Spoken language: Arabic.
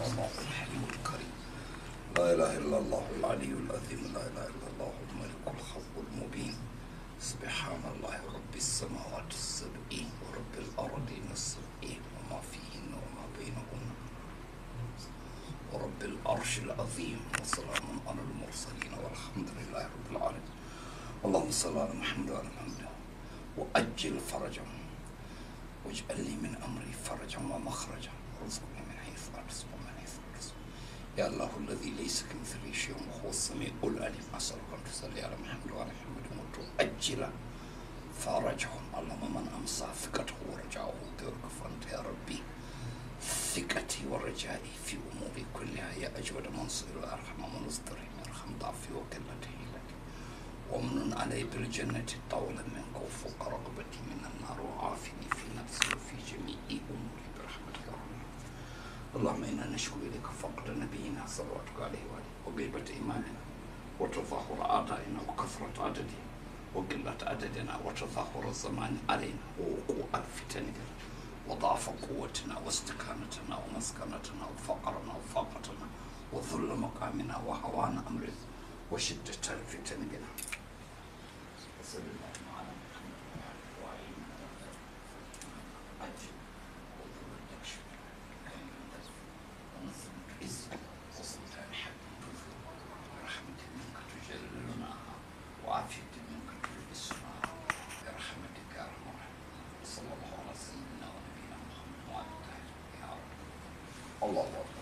الله الحليم الكريم لا إله إلا الله العلي العظيم لا إله إلا الله الملك الحق المبين سبحان الله رب السماوات السبعين ورب الأرضين السبعين وما فيهن وما بينهن ورب العرش العظيم وسلام على المرسلين والحمد لله رب العالمين اللهم صل على محمد وعلى محمد وأجل فرجهم واجعل لي من أمري فرجا ومخرجا يا الله الذي ليس كمثله شيء وهو السميع قل العليم اسالك ان تصلي على محمد وعلى محمد وتؤجل فرجهم اللهم من امسى ثقته ورجعه غيرك فانت يا ربي ثقتي ورجائي في اموري كلها يا اجود من صغير وارحم من اصدر ارحم ضعفي وقلتي لك ومن علي بالجنه طولا منك وفوق رغبتي من النار وعافني اللهم إنا نشكو إليك فقد نبينا صلواتك عليه وآله وغيبة إيماننا وتظاهر أعدائنا وكثرة عددهم وقلة عددنا وتظاهر الزمان علينا ووقوع الفتن وضعف قوتنا واستكانتنا ومسكنتنا وفقرنا وفاقتنا وذل مقامنا وهوان أمره وشدة الفتن بنا 落落。